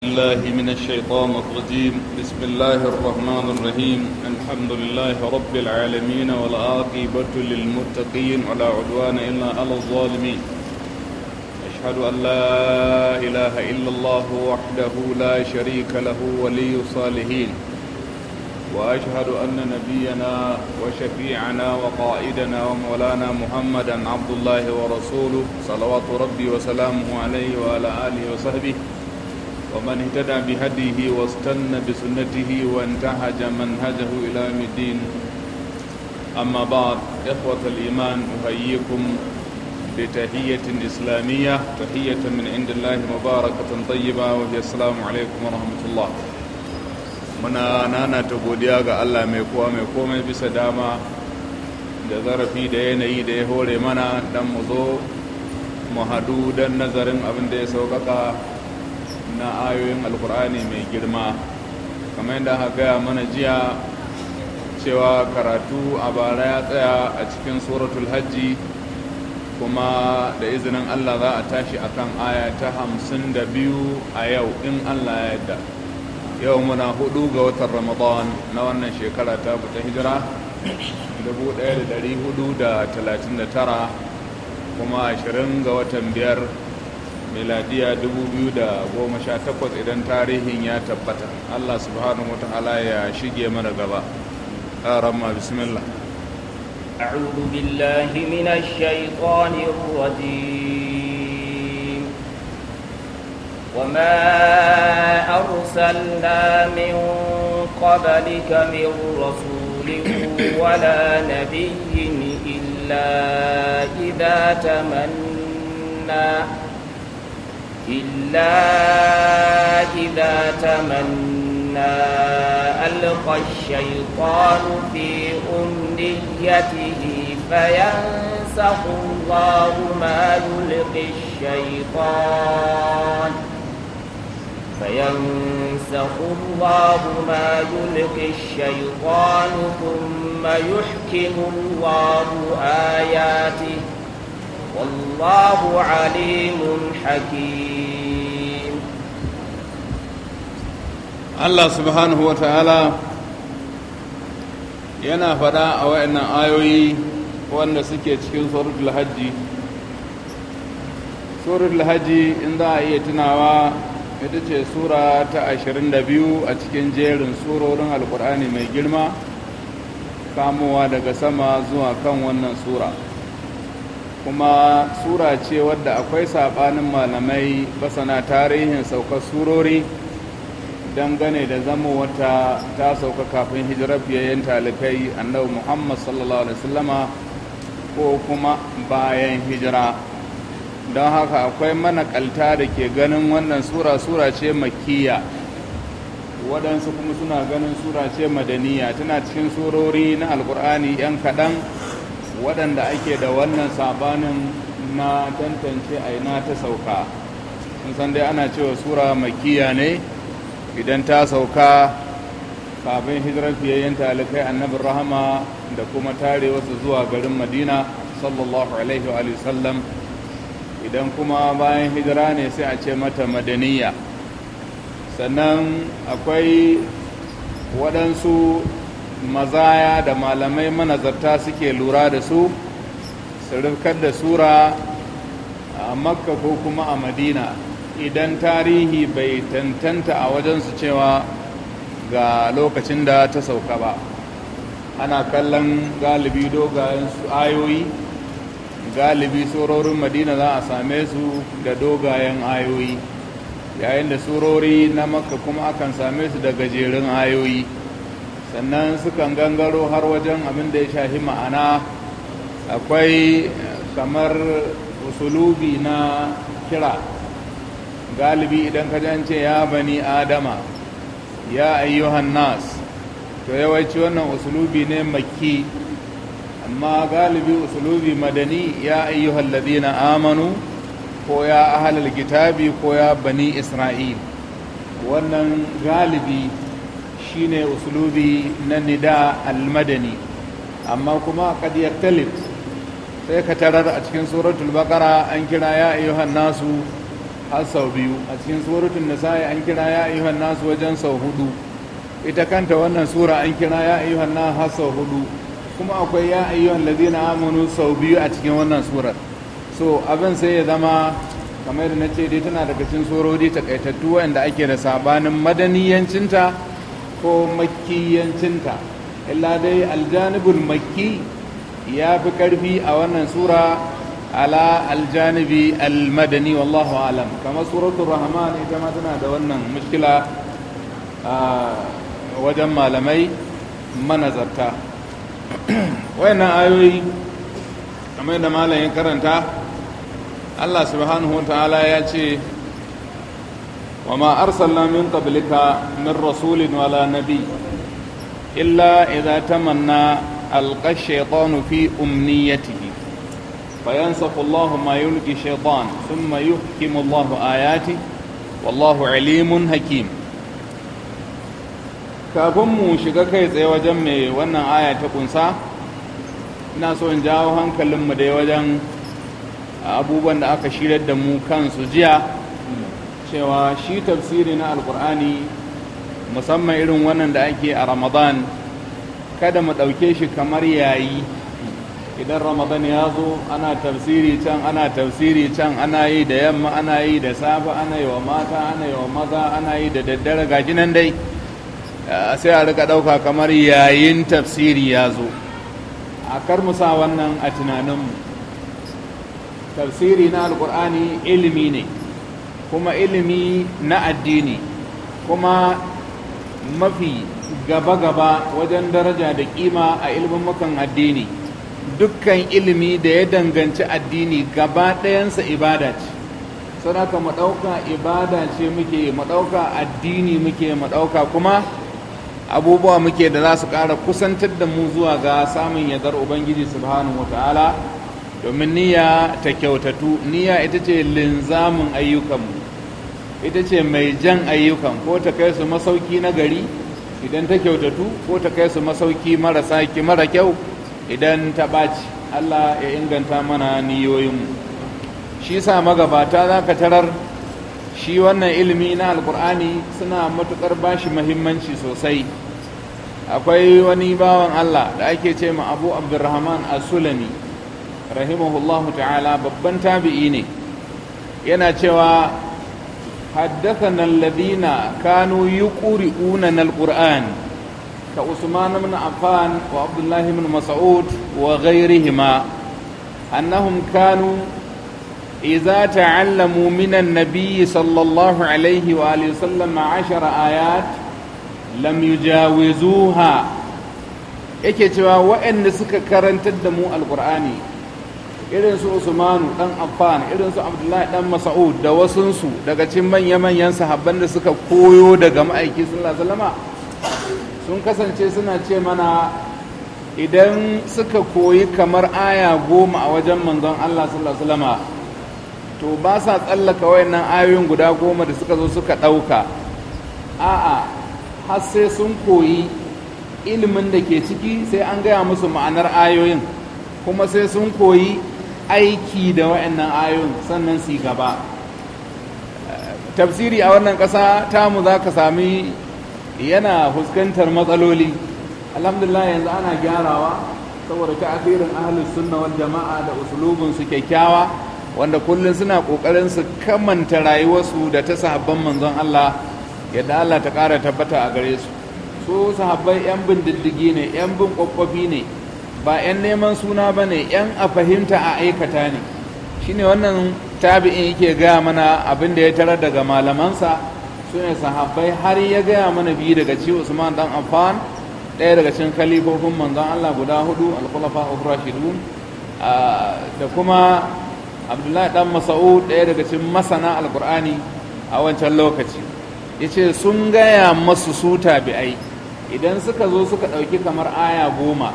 الله من الشيطان الرجيم بسم الله الرحمن الرحيم الحمد لله رب العالمين والعاقبة للمتقين ولا عدوان إلا على الظالمين أشهد أن لا إله إلا الله وحده لا شريك له ولي الصالحين وأشهد أن نبينا وشفيعنا وقائدنا ومولانا محمدا عبد الله ورسوله صلوات ربي وسلامه عليه وعلى آله وصحبه ومن اهتدى بهديه واستنى بسنته وانتهج منهجه إلى يوم الدين أما بعد إخوة الإيمان أحييكم بتحية إسلامية تحية من عند الله مباركة طيبة وهي السلام عليكم ورحمة الله muna nana ta godiya ga Allah mai kowa mai komai bisa dama da zarafi da yanayi da ya hore mana dan mu zo mu hadu dan nazarin abin da ya sauƙaƙa na ayoyin alkur'ani mai girma kamar yadda aka gaya mana jiya cewa karatu a bara ya tsaya a cikin suratul hajji kuma da izinin allah za a tashi akan aya ta hamsin da biyu a yau in allah ya yadda yau muna hudu ga watan ramadan na wannan shekara ta ta hijira 1439 kuma 20 ga watan biyar miladiya 2018 idan tarihin ya tabbata allah subhanahu ta'ala ya shige mana gaba ramma bismillah أعوذ بالله من الشيطان الرجيم وما أرسلنا من قبلك من رسول ولا نبي إلا إذا تمنى إلا إذا تمنى ألقى الشيطان في أمنيته فينسخ الله ما يلقي الشيطان فينسخ الله ما يلقي الشيطان ثم يحكم الله آياته والله عليم حكيم الله سبحانه وتعالى yana faɗa a wa'annan ayoyi wanda suke cikin suratul hajji suratul hajji in za a iya tunawa ita ce sura ta 22 a cikin jerin surorin alkur'ani mai girma kamowa daga sama zuwa kan wannan sura kuma sura ce wadda akwai saɓanin malamai basana tarihin saukar surori dangane da zama wata ta sauka kafin hijirar biyayyen talibai annabi muhammad sallallahu alaihi wasallama ko kuma bayan hijira don haka akwai manakalta da ke ganin wannan sura sura ce makiya waɗansu kuma suna ganin sura ce madaniya tana cikin surori na alkur'ani 'yan kaɗan waɗanda ake da wannan sabanin na tantance a ina ta sauka sun san dai ana cewa sura makiya ne idan ta sauka kafin hijirar fiyayyen talikai annabin rahama da kuma tare wasu zuwa garin madina sallallahu alaihi wa sallam idan kuma bayan hijira ne sai a ce mata madaniya sannan akwai waɗansu mazaya da malamai manazarta suke lura da su su rufkar da sura a makka ko kuma a madina idan tarihi bai tantanta a wajensu cewa ga lokacin da ta sauka ba ana kallon galibi dogayen su ayoyi galibi surorin madina za a same su da dogayen ayoyi yayin da surori na makka kuma akan same su da gajerun ayoyi sannan sukan gangaro har wajen abin da ya shahi ma'ana akwai kamar usulubi na kira galibi idan ka jance ya bani adama ya ayyuhan nas to yawanci wannan usulubi ne makki amma galibi usulubi madani ya ayyuhan ladina amanu ko ya ahalar kitabi ko ya bani isra'il wannan galibi shine usulubi na nida almadani amma kuma qad yaktalif sai ka tarar a cikin suratul baqara an kira ya ayyuhan nasu har sau biyu a cikin suratul nisa'i an kira ya ayyuhan nasu wajen sau hudu ita kanta wannan sura an kira ya ayyuhan nasu har sau hudu kuma akwai ya ayyuhan ladina amanu sau biyu a cikin wannan surar so abin sai ya zama kamar da na ce dai tana daga cikin surori takaitattu wanda ake da sabanin madaniyancinta ko makkiyancinta illa dai aljanibul makki ya fi karfi a wannan sura ala aljanibi almadani wallahu alam kamar suratul rahman ita ma tana da wannan mushkila wajen malamai manazarta wayannan ayoyi kamar da malamin karanta Allah subhanahu wa ta'ala ya ce وما أرسلنا من قبلك من رسول ولا نبي إلا إذا تمنى ألقى الشيطان في أمنيته فينسخ الله ما يلقي الشيطان ثم يحكم الله آياته والله عليم حكيم kafin mu shiga kai tsaye wajen mai wannan aya ta kunsa ina so in jawo hankalinmu dai wajen abubuwan da aka shirar da mu kansu jiya cewa shi tafsiri na alkur'ani musamman irin wannan da ake a ramadan kada mu ɗauke shi kamar yayi idan ramadan ya zo ana tafsiri can ana tafsiri can ana yi da yamma ana yi da safe ana yi wa mata ana yi wa maza ana yi da daddare gaji nan dai sai a rika ɗauka kamar yayin tafsiri ya zo a kar mu sa wannan a tunaninmu tafsiri na alkur'ani ilimi ne kuma ilimi na addini kuma mafi gaba-gaba wajen daraja da kima a ilimin makon addini dukkan ilimi da ya danganci addini gaba ɗayansa ibada ce sadaka maɗauka ibada ce muke maɗauka addini muke maɗauka kuma abubuwa muke da za su ƙara kusantar da mu zuwa ga samun yadar ubangiji subhanahu wa ta'ala domin niyya ta kyautatu niyya ita ce linzamin ayyukanmu ita ce mai jan ayyukan ko ta kai su masauki na gari idan ta kyautatu ko ta kai su masauki marasa ki mara kyau idan ta ɓaci Allah ya inganta mana niyoyinmu shi sa magabata za ka tarar shi wannan ilimi na alkur'ani suna matuƙar bashi mahimmanci sosai akwai wani bawan Allah da ake ce ma abu abdurrahman asulami sulami rahimahullahu ta'ala babban tabi'i ne yana cewa حدثنا الذين كانوا يقرؤون القرآن كعثمان بن عفان وعبد الله بن مسعود وغيرهما أنهم كانوا إذا تعلموا من النبي صلى الله عليه وآله وسلم عشر آيات لم يجاوزوها yake cewa waɗanda suka karantar da mu alƙur'ani irin su usmanu dan affan irin su abdullahi dan mas'ud da wasunsu daga cikin manya-manyan sahabban da suka koyo daga ma'aiki sallallahu alaihi sun kasance suna ce mana idan suka koyi kamar aya goma a wajen manzon Allah sallallahu alaihi to ba sa tsallaka wayannan ayoyin guda goma da suka zo suka ɗauka a'a har sai sun koyi ilimin da ke ciki sai an gaya musu ma'anar ayoyin kuma sai sun koyi aiki da wa'annan ayoyin sannan su gaba tafsiri a wannan ƙasa tamu za ka sami yana fuskantar matsaloli alhamdulillah yanzu ana gyarawa saboda ta'asirin ahalus sunna wal jama'a da usulubin su kyakkyawa wanda kullum suna ƙoƙarin su kamanta rayuwarsu da ta sahabban manzon Allah yadda Allah ta ƙara tabbata a gare su su sahabbai yan bin diddigi ne yan bin kwakwafi ne ba 'yan neman suna ba ne 'yan a fahimta a aikata ne shi ne wannan tabi'in yake gaya mana abin da ya tarar daga malamansa su ne sahabbai har ya gaya mana biyu daga ci usman dan amfan ɗaya daga cin kalifofin manzon allah guda hudu alkhulafa rashidun da kuma abdullahi ɗan masa'u ɗaya daga cin masana alkur'ani a wancan lokaci ya ce sun gaya masu su tabi'ai idan suka zo suka ɗauki kamar aya goma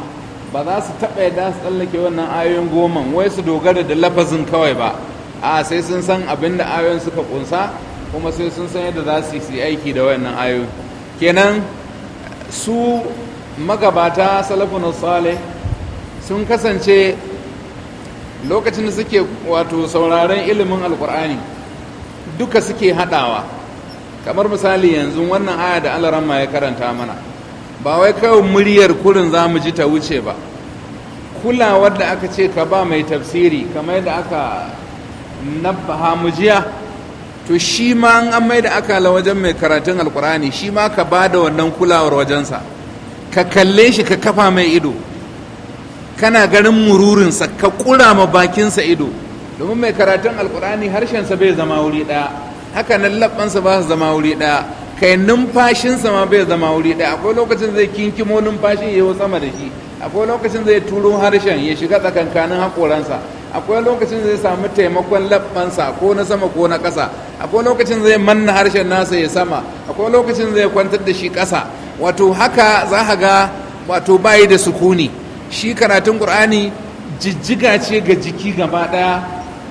ba za su taɓa yadda su tsallake wannan ayoyin goman wai su dogara da lafazin kawai ba a sai sun san abin da ayoyin suka kunsa kuma sai sun san yadda za su yi aiki da wannan ayoyin kenan su magabata salafun salih sun kasance lokacin da suke wato sauraren ilimin alkur'ani duka suke haɗawa kamar misali yanzu wannan aya da alaramma ya karanta mana ba wai kawai muryar kurin za mu ji ta wuce ba kulawar da aka ce ka ba mai tafsiri kamar da aka nabba mujiya to shi ma an mai da aka la wajen mai karatun alkurani shi ma ka ba da wannan kulawar wajensa ka kalle shi ka kafa mai ido kana ganin mururinsa ka kura ma bakinsa ido domin mai karatun alkurani harshensa bai zama wuri ɗaya haka nan labbansa ba su zama wuri ɗaya kai numfashinsa ma bai zama wuri ɗaya akwai lokacin zai kinkimo numfashin ya yi sama da shi akwai lokacin zai turo harshen ya shiga tsakankanin haƙoransa akwai lokacin zai samu taimakon labbansa ko na sama ko na ƙasa akwai lokacin zai manna harshen nasa ya sama akwai lokacin zai kwantar da shi ƙasa wato haka za ka ga wato bayi da sukuni shi karatun ƙur'ani jijjiga ce ga jiki gaba ɗaya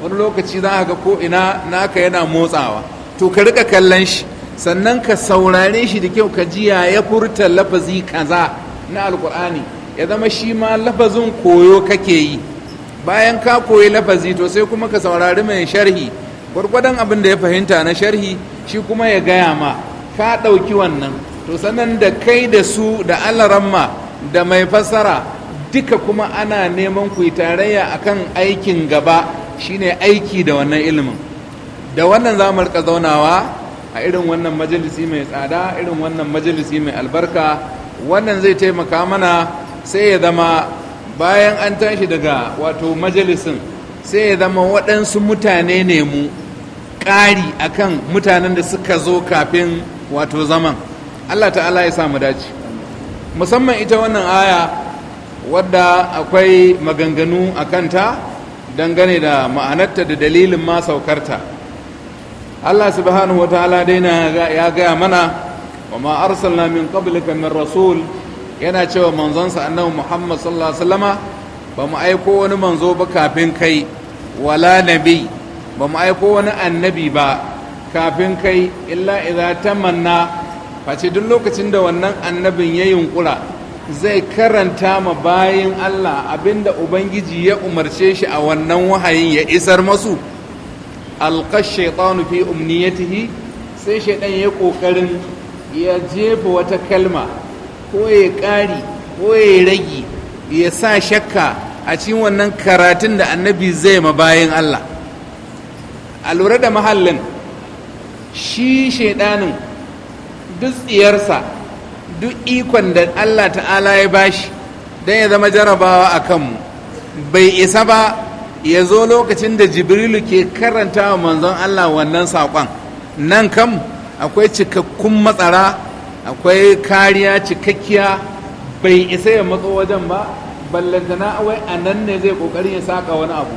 wani lokaci za ka ga ko ina naka yana motsawa to ka riƙa kallon shi sannan ka saurare shi da kyau ka jiya ya furta lafazi kaza na alkur'ani ya zama shi ma lafazin koyo kake yi bayan ka koyi lafazi to sai kuma ka saurari mai sharhi gwargwadon abin da ya fahimta na sharhi shi kuma ya gaya ma ka ɗauki wannan to sannan da kai da su da alaramma da mai fassara duka kuma ana neman ku yi tarayya akan aikin gaba shine aiki da wannan ilimin da wannan zamar rika zaunawa a irin wannan majalisi mai tsada irin wannan majalisi mai albarka wannan zai taimaka mana sai ya zama bayan an tashi daga wato majalisin sai ya zama waɗansu mutane ne mu ƙari akan mutanen da suka zo kafin wato zaman allah ta'ala ya samu dace musamman ita wannan aya wadda akwai maganganu a kanta dangane da ma'anarta da dalilin ma saukarta Allah subhanahu wa ta'ala dai ya gaya mana wa ma arsalna min qablika min rasul yana cewa manzonsa annabi Muhammad sallallahu alaihi wasallama ba mu aiko wani manzo ba kafin kai wala nabi ba mu aiko wani annabi ba kafin kai illa idza tamanna face duk lokacin da wannan annabin ya yunkura zai karanta ma bayin Allah abinda ubangiji ya umarce shi a wannan wahayin ya isar masu alqash umni fi umniyatihi sai shaytan ya ƙoƙarin ya jefa wata kalma ko ya ƙari ko ya rage ya sa shakka a cikin wannan karatun da annabi zai ma bayan Allah a lura da mahallin shi shaidanin duk tsiyarsa duk ikon da Allah ta'ala ya bashi don ya zama jarabawa a kanmu bai isa ba ya zo lokacin da jibrilu ke karanta wa manzon Allah wannan saƙon nan kam akwai cikakkun matsara akwai kariya cikakkiya bai isa ya matso wajen ba ballantana awai a nan ne zai ƙoƙarin ya saƙa wani abu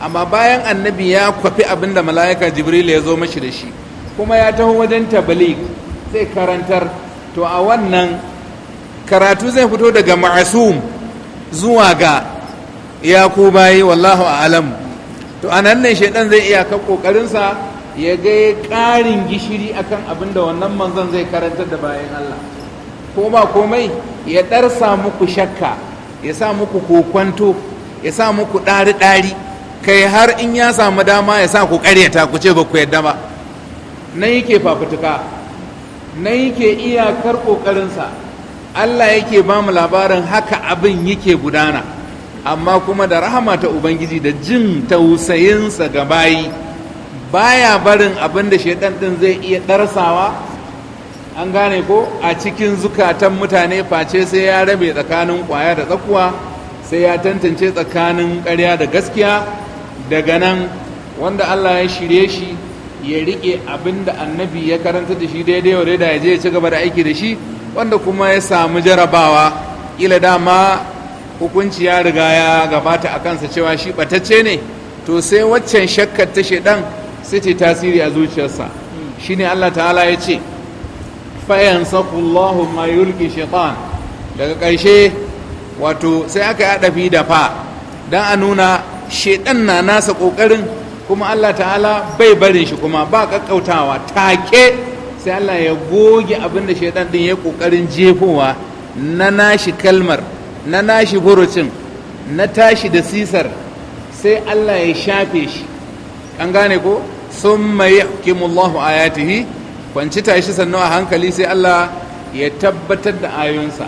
amma bayan annabi ya kwafi abin da mala'ika jibrilu ya zo mashi da shi kuma ya taho wajen tabalik zai karantar to a wannan karatu zai fito daga ma'asum zuwa ga iya ku bayi wallahu a'lam to anan ne shaidan zai iya ka kokarin ya ga ƙarin gishiri akan abin da wannan manzon zai karantar da bayan Allah ko ba komai ya ɗarsa muku shakka ya sa muku kokwanto ya sa muku ɗari-ɗari kai har in ya samu dama ya sa ku ƙaryata ku ce ba ku yadda ba nan yake fafutuka nan yake iyakar ƙoƙarinsa Allah yake ba mu labarin haka abin yake gudana amma kuma da rahama ta ubangiji da jin tausayinsa ga bayi baya barin abin da shaidan din zai iya darsawa an gane ko a cikin zukatan mutane face sai ya rabe tsakanin kwaya da tsakuwa sai ya tantance tsakanin ƙarya da gaskiya daga nan wanda allah ya shirye shi ya riƙe abin da annabi ya karanta da shi daidai wa da ya je ya ci gaba da aiki da shi wanda kuma ya samu jarabawa ila dama hukunci ya riga ya gabata a kansa cewa shi batacce ne to sai waccan shakkar ta shaidan sai ce tasiri a zuciyarsa shine Allah ta'ala ya ce fayan sakullahu ma yulki shaitan daga ƙarshe wato sai aka yada fi da fa don a nuna shaidan na nasa ƙoƙarin kuma Allah ta'ala bai barin shi kuma ba ƙaƙƙautawa take sai Allah ya goge abin da shaidan ɗin ya ƙoƙarin jefowa na nashi kalmar na nashi burucin na tashi da sisar sai Allah ya shafe shi an gane ko sun mai ya ayatihi kwanci tashi sannu a hankali sai Allah ya tabbatar da ayoyinsa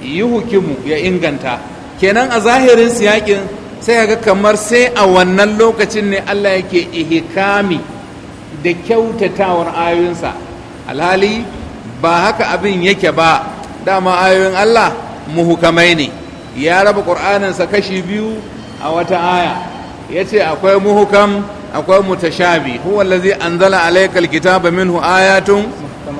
yi hukimu ya inganta kenan a zahirin siyakin sai ga kamar sai a wannan lokacin ne Allah yake ihikami da kyautatawar ayoyinsa alhali ba haka abin yake ba dama ayoyin Allah muhukamai ne ya raba ƙur'aninsa kashi biyu a wata aya ya ce akwai muhukam akwai mutashabi huwa zai anzala alayka alkitaba minhu ayatun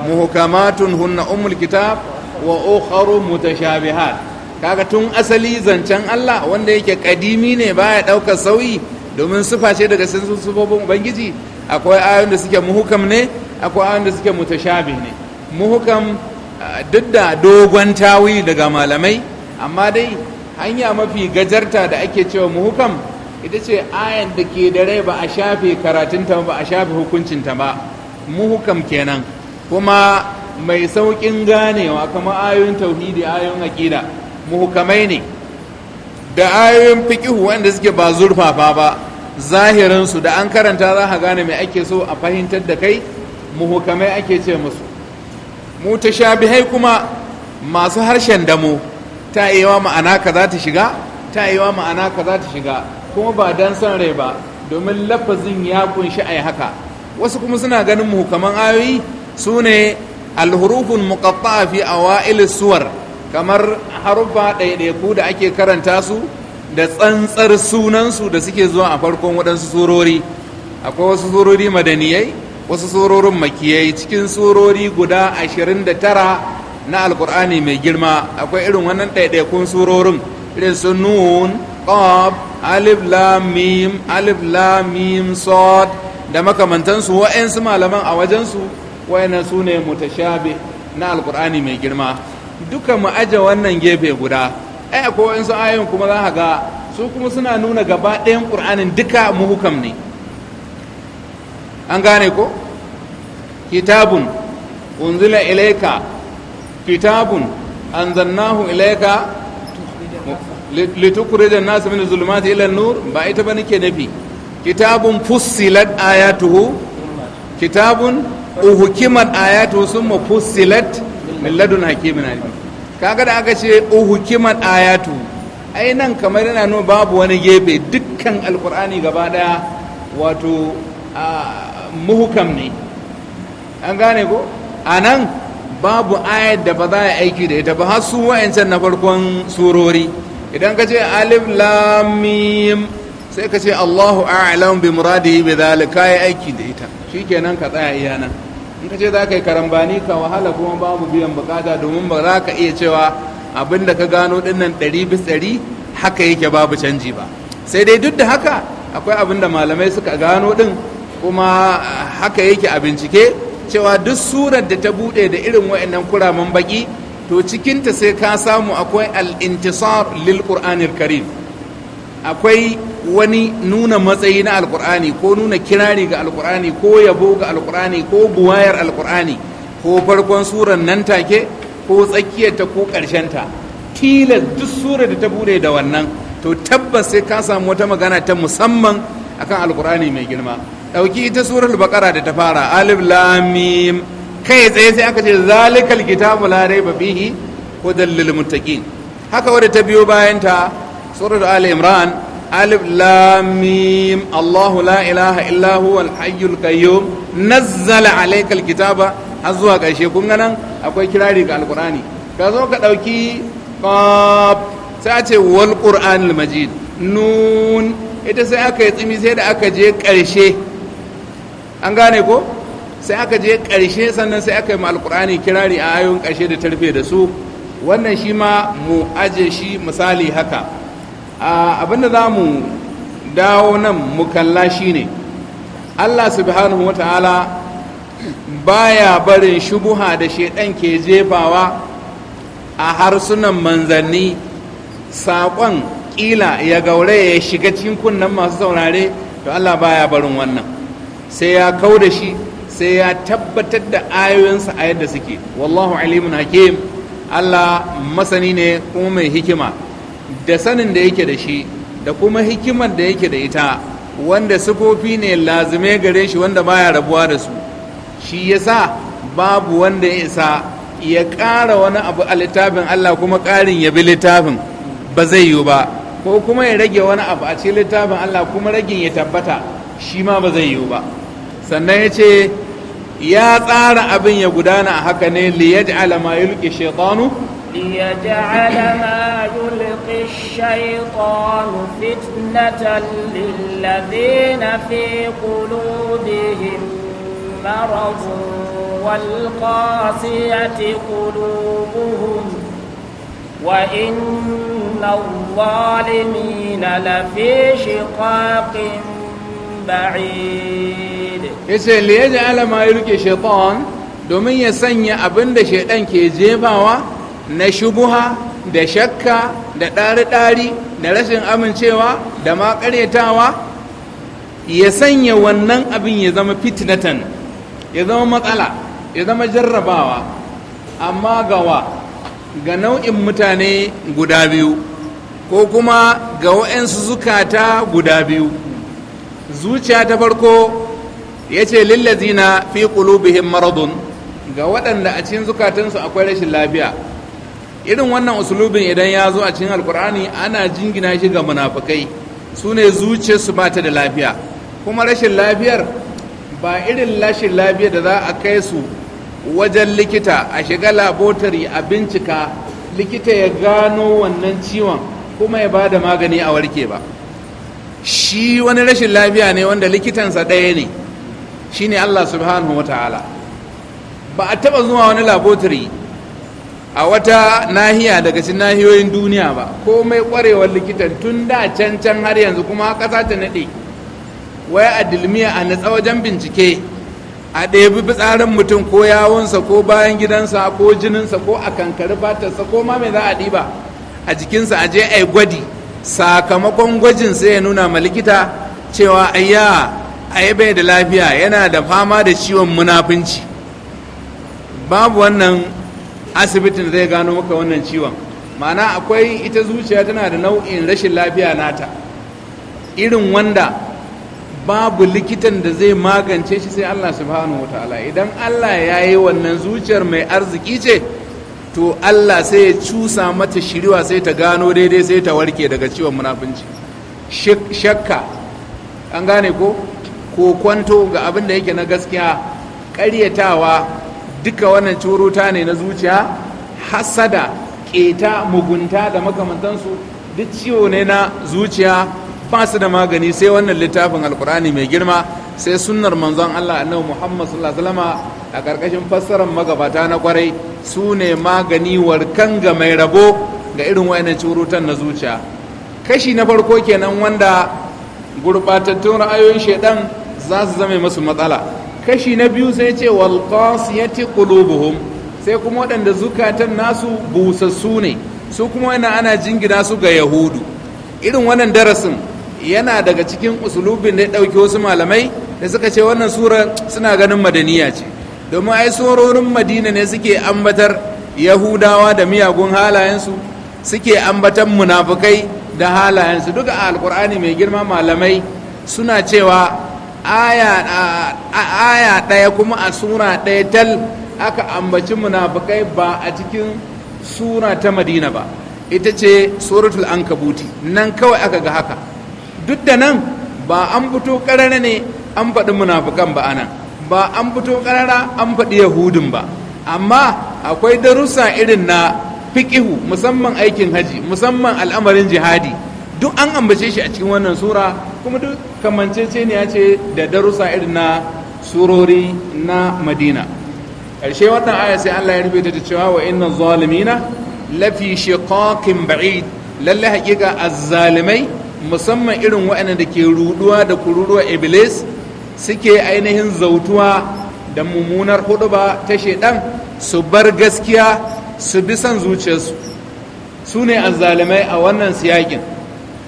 muhkamatun hunna umul kitab wa ukharu mutashabihat kaga tun asali zancen Allah wanda yake kadimi ne baya daukar sauyi domin sifa ce daga cikin sifofin ubangiji akwai ayoyin da suke muhukam ne akwai ayoyin da suke mutashabih ne muhukam duk da dogon tawili daga malamai amma dai hanya mafi gajarta da ake cewa muhukam ita ce ayan da ke da rai ba a shafe karatunta ba a shafe hukuncinta ba muhukam kenan kuma mai saukin ganewa kama ayoyin tauhidi ayoyin aƙida muhukamai ne da ayoyin fikihu wanda suke ba zurfafa ba zahirinsu da an karanta za ka gane mai ake so a fahimtar da kai muhukamai ake ce musu mu ta bihai kuma masu harshen damo ta iya ma'ana ka za ta shiga ta iya ma'ana ka za ta shiga kuma ba don son rai ba domin lafazin ya kunshi a haka wasu kuma suna ganin muhukaman ayoyi su ne alhurufun a fi awa'il suwar kamar haruffa ɗaiɗaiku da ake karanta su da tsantsar sunansu da suke zuwa a farkon waɗansu surori akwai wasu surori madaniyai wasu surorin makiyai cikin surori guda 29 na alkur'ani mai girma akwai irin wannan ɗaiɗaikun surorin irin su nun qaf alif lamim alif lamim sod da makamantansu wa'ansu malaman a wajensu wa'annan su ne mutashabi na alkur'ani mai girma duka mu aje wannan gefe guda ai ko wa'ansu ayoyin kuma za ga su kuma suna nuna gaba ɗayan ƙur'anin duka muhukam ne an gane ko kitabun unzila ilaika kitabun anzalnahu ilaika litukhrijan nasa min zulumati ila nur ba ita ba nake nafi kitabun fussilat ayatuhu kitabun uhukimat ayatuhu summa fussilat min ladun hakimin alim kaga da aka ce uhukimat ayatuhu ai nan kamar yana nuna babu wani gefe dukkan alkur'ani gaba daya wato ah, muhukam ne an gane ko a nan babu ayat da ba za a aiki da ita ba har su wa'ancan na farkon surori idan ka ce alif lamim sai ka ce allahu a'lam bi muradihi bi zalika ya aiki da ita shi shikenan ka tsaya iya nan in ka ce za ka yi karambani ka wahala kuma babu biyan bukata domin ba za ka iya cewa abin da ka gano dinnan ɗari bis ɗari haka yake babu canji ba sai dai duk da haka akwai abin da malamai suka gano din kuma haka yake a bincike cewa duk surar da ta buɗe da irin wa'annan kuraman baki to cikinta sai ka samu akwai al'intisar lil qur'anil karim akwai wani nuna matsayi na alkur'ani ko nuna kirari ga alkur'ani ko yabo ga alkur'ani ko buwayar alkur'ani ko farkon surar nan take ko tsakiyar ta ko ta tilas duk surar da ta bude da wannan to tabbas sai ka samu wata magana ta musamman akan alkur'ani mai girma ɗauki ita surar bakara da ta fara alif lamim kai tsaye sai aka ce zalikal kitabu la raiba fihi hudan lil muttaqin haka wadda ta biyo bayan ta surar ali imran alif lamim allahu la ilaha illa huwa al hayyul qayyum nazzala alaykal kitaba har zuwa ƙarshe kun ga nan akwai kirari ga alqur'ani ka zo ka ɗauki qaf sai a ce wal qur'anil majid nun ita sai aka yi tsimi sai da aka je ƙarshe an gane ko sai aka je ƙarshe sannan sai aka yi ma alkur'ani kirari a ayoyin ƙarshe da tarfe da su wannan shi ma mu aje shi misali haka abinda za mu dawo nan mu kalla shi ne allah subhanahu wa ta'ala baya barin shubuha da shaidan ke jefawa a harsunan manzanni saƙon ƙila ya gaure ya shiga cikin kunnen masu saurare to allah baya barin wannan sai ya kau da shi sai ya tabbatar da ayoyinsa a yadda suke wallahu alimun hakim Allah masani ne kuma mai hikima da sanin da yake da shi da kuma hikimar da yake da ita wanda sufofi ne lazime gare shi wanda baya rabuwa da su shi yasa babu wanda ya isa ya ƙara wani abu a littafin Allah kuma ƙarin ya bi littafin ba zai yiwu ba ko kuma ya rage wani abu a cikin littafin Allah kuma ragin ya tabbata shi ma ba zai yiwu ba sannan ya ce ya tsara abin ya gudana a haka ne liyaj'ala ma yulqi shaytanu liyaj'ala ma yulqi shaytanu fitnatan lil ladina fi qulubihim marad wal wa qulubuhum وإن الظالمين لفي شقاق بعيد yace li alama ma yulqi domin ya sanya abin da shaidan ke jebawa na shubuha da shakka da ɗari-ɗari da rashin amincewa da ma ƙaryatawa ya sanya wannan abin ya zama fitnatan ya zama matsala ya zama jarrabawa amma gawa ga nau'in mutane guda biyu ko kuma ga wa'yansu zukata guda biyu zuciya ta farko ya ce lillazina fi qulubihim maradun ga waɗanda a cikin zukatansu akwai rashin lafiya irin wannan usulubin idan ya zo a cikin alkur'ani ana jingina shi ga munafukai su ne zuciyarsu ba ta da lafiya kuma rashin lafiyar ba irin rashin lafiyar da za a kai su wajen likita a shiga labotari a bincika likita ya gano wannan ciwon kuma ya ba da magani a warke ba shi wani rashin lafiya ne wanda likitansa ɗaya ne shi ne allah subhanahu wa ta'ala ba a taɓa zuwa wani labotiri a wata nahiya daga cikin nahiyoyin duniya ba komai ƙwarewar likitan tun da can can har yanzu kuma ƙasa ta naɗe waya a dilmiya a natsa wajen bincike a ɗebi fitsarin mutum ko yawonsa ko bayan gidansa ko jininsa ko a kankari fatarsa ko ma mai za a ɗiba a jikinsa a je a yi gwadi sakamakon gwajin sai ya nuna ma likita cewa ayya yi bai da lafiya yana da fama da ciwon munafunci babu wannan asibitin zai gano maka wannan ciwon ma'ana akwai ita zuciya tana da nau'in rashin lafiya nata irin wanda babu likitan da zai magance shi sai Allah subhanahu wa ta'ala idan Allah ya yi wannan zuciyar mai arziki ce to Allah sai ya cusa mata shiriwa sai ta gano daidai sai ta warke daga ciwon munafunci shakka an gane ko ko kwanto ga abin da yake na gaskiya ƙaryatawa duka wannan curuta ne na zuciya hasada keta mugunta da makamantansu duk ciwo ne na zuciya ba da magani sai wannan littafin alkur'ani mai girma sai sunnar manzon Allah annabi Muhammad sallallahu alaihi a karkashin fassarar magabata na kwarai su ne magani warkan ga mai rabo ga irin wayannan curutan na zuciya kashi na farko kenan wanda gurbatattun ra'ayoyin shedan za su zama masu matsala kashi na biyu sai ce wal qasiyati qulubuhum sai kuma waɗanda zukatan nasu busassu ne su kuma yana ana jingina su ga yahudu irin wannan darasin yana daga cikin usulubin da ya ɗauki wasu malamai da suka ce wannan sura suna ganin madaniya ce domin ai surorin madina ne suke ambatar yahudawa da miyagun halayensu suke ambatar munafukai da halayensu duka a alkur'ani mai girma malamai suna cewa aya ɗaya kuma a sura ɗaya tal aka ambaci munafukai ba a cikin sura ta madina ba ita ce suratul ankabuti nan kawai aka ga haka duk da nan ba an fito ƙarara ne an faɗi munafukan ba anan ba an fito ƙarara an faɗi yahudin ba amma akwai darussa irin na fiƙihu musamman aikin haji musamman al'amarin jihadi duk an ambace shi a cikin wannan sura kuma duk kamancece ne ya ce da darussa irin na surori na madina ƙarshe wannan aya sai allah ya rubuta ta cewa wa inna zalimina lafi shiqaqin ba'id lalle haƙiƙa zalimai musamman irin waɗanda da ke ruduwa da kururuwa iblis suke ainihin zautuwa da mummunar huduba ta shaidan su bar gaskiya su bi son zuciyarsu su ne azzalimai a wannan siyakin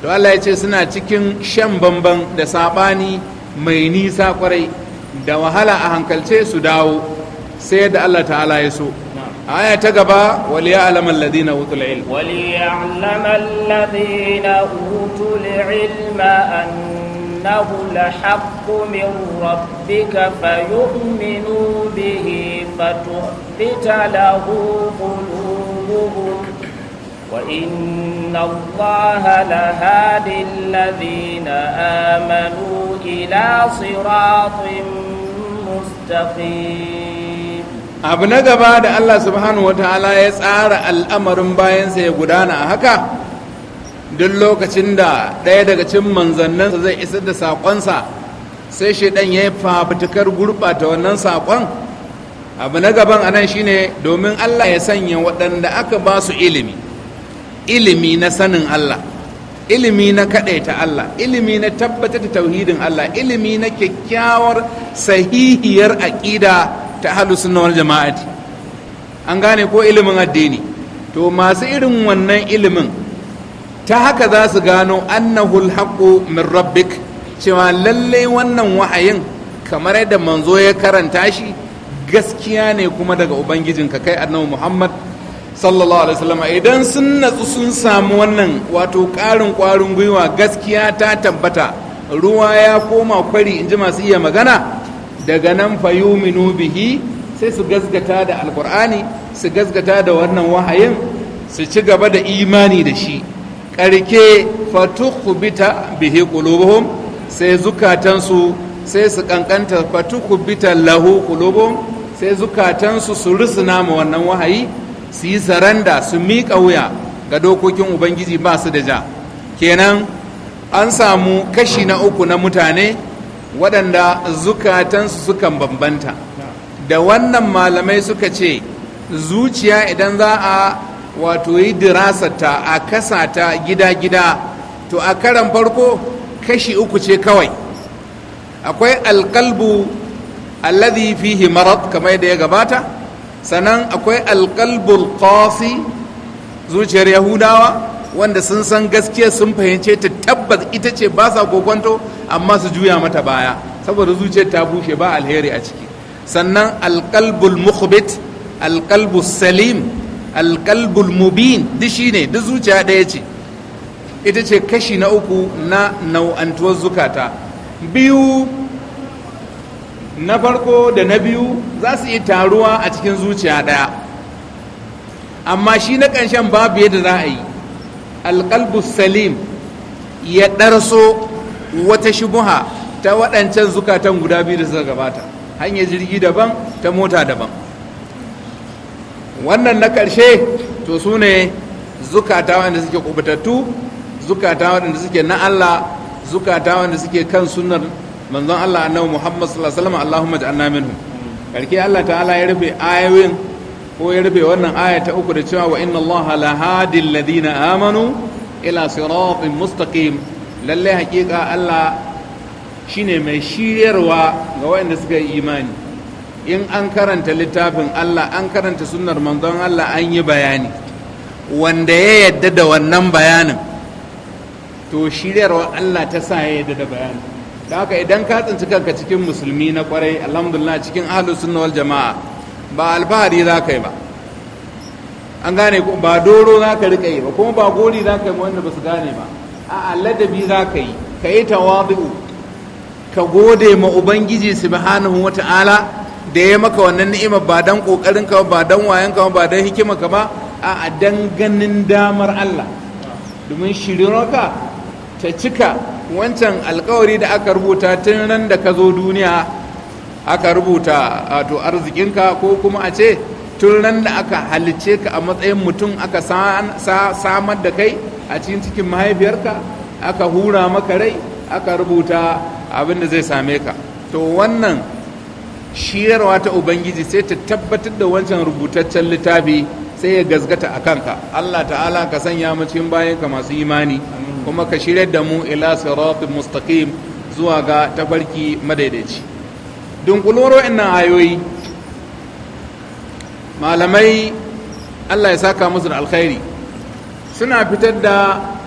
to Allah ya ce suna cikin shan bamban da saɓani mai nisa kwarai da wahala a hankalce su dawo sai da Allah ta'ala ya so aya ta gaba wali ya alamar ladina utul ilm wali ya alamar ladina utul ilma annahu la haqqu min rabbika fayu'minu bihi fatukhbita lahu qulubuhum wa inna allaha la hadi alladhina amanu ila siratin mustaqim abu na gaba da allah subhanahu wa ta'ala ya tsara al'amarin bayansa ya gudana a haka duk lokacin da ɗaya daga cin manzanninsa zai isar da saƙonsa sai shi ɗan ya yi fafutukar gurɓata wannan saƙon abu na gaban anan shine domin allah ya sanya waɗanda aka ba su ilimi ilimi na sanin allah ilimi na kaɗaita allah ilimi na tabbatar da tauhidin allah ilimi na kyakkyawar sahihiyar aƙida ta halu sunna wal jama'ati an gane ko ilimin addini to masu irin wannan ilimin ta haka za su gano annahul haqqu min rabbik cewa lallai wannan wahayin kamar yadda manzo ya karanta shi gaskiya ne kuma daga ubangijinka kai annabi muhammad sallallahu alaihi wasallam idan sun natsu sun samu wannan wato ƙarin kwarin gwiwa gaskiya ta tabbata ruwa ya koma kwari in ji masu iya magana daga nan fa yuminu bihi sai su gazgata da alkur'ani su gazgata da wannan wahayin su ci gaba da imani da shi ƙarke fatukubita bihi qulubuhum sai zukatansu sai su kankanta fatukubita lahu qulubuhum sai zukatansu su rusuna ma wannan wahayi su yi saranda su miƙa wuya ga dokokin ubangiji ba su da ja kenan an samu kashi na uku na mutane waɗanda zukatansu sukan bambanta da wannan malamai suka ce zuciya idan za a wato yi dirasata a kasata gida-gida to a karan farko kashi uku ce kawai akwai alkalbu alladhi fihi marad kamar da ya gabata sannan akwai alkalbul qasi zuciyar yahudawa wanda sun san gaskiya sun fahimce ta tabbas ita ce ba sa kokonto amma su juya mata baya saboda zuciyar ta bushe ba alheri a ciki sannan alkalbul mukhbit alkalbul salim alkalbul mubin duk shi ne duk zuciya daya ce ita ce kashi na uku na nau'antuwar zukata biyu na farko da na biyu za su yi taruwa a cikin zuciya daya amma shi na ƙanshen babu yadda za a yi alƙalbu salim ya ɗarso wata shubuha ta waɗancan zukatan guda biyu da suka gabata hanyar jirgi daban ta mota daban wannan na ƙarshe to su ne zukata wanda suke kubutattu zukata wanda suke na Allah zukata wanda suke kan sunar manzon Allah annabi Muhammad sallallahu alaihi wasallam Allahumma ja'alna minhum karke Allah ta'ala ya rufe ayoyin ko ya rufe wannan aya ta uku da cewa wa inna Allah la hadi alladhina amanu ila siratin mustaqim lalle hakika Allah shine mai shiryarwa ga waɗanda suka yi imani in an karanta littafin Allah an karanta sunnar manzon Allah an yi bayani wanda ya yadda da wannan bayanin to shiryarwa Allah ta sa ya yadda da bayanin da haka idan ka tsinci kanka cikin musulmi na kwarai alhamdulillah cikin ahlus sunna wal jama'a ba alfahari za ka yi ba an gane ba doro za ka rika yi ba kuma ba gori za ka yi wanda ba su gane ba a ladabi za ka yi ka yi tawadu ka gode ma ubangiji subhanahu wata'ala da ya maka wannan ni'imar ba dan kokarin ka ba dan wayan ka ba dan hikima ka ba a dan ganin damar Allah domin shirinoka ta cika wancan alkawari da aka rubuta tun ran da ka zo duniya aka rubuta wato arzikinka ko kuma a ce tun ran da aka halicce ka a matsayin mutum aka samar da kai a cikin cikin mahaifiyarka aka hura maka rai aka rubuta abin da zai same ka to wannan shiyarwa ta ubangiji sai ta tabbatar da wancan rubutaccen littafi sai ya gazgata a kanka allah ta'ala ka sanya mu cikin ka masu imani kuma ka shirya da mu ila siratin mustaqim zuwa ga tafarki madaidaici dunkuloro nan ayoyi malamai allah ya saka musu da alkhairi suna fitar da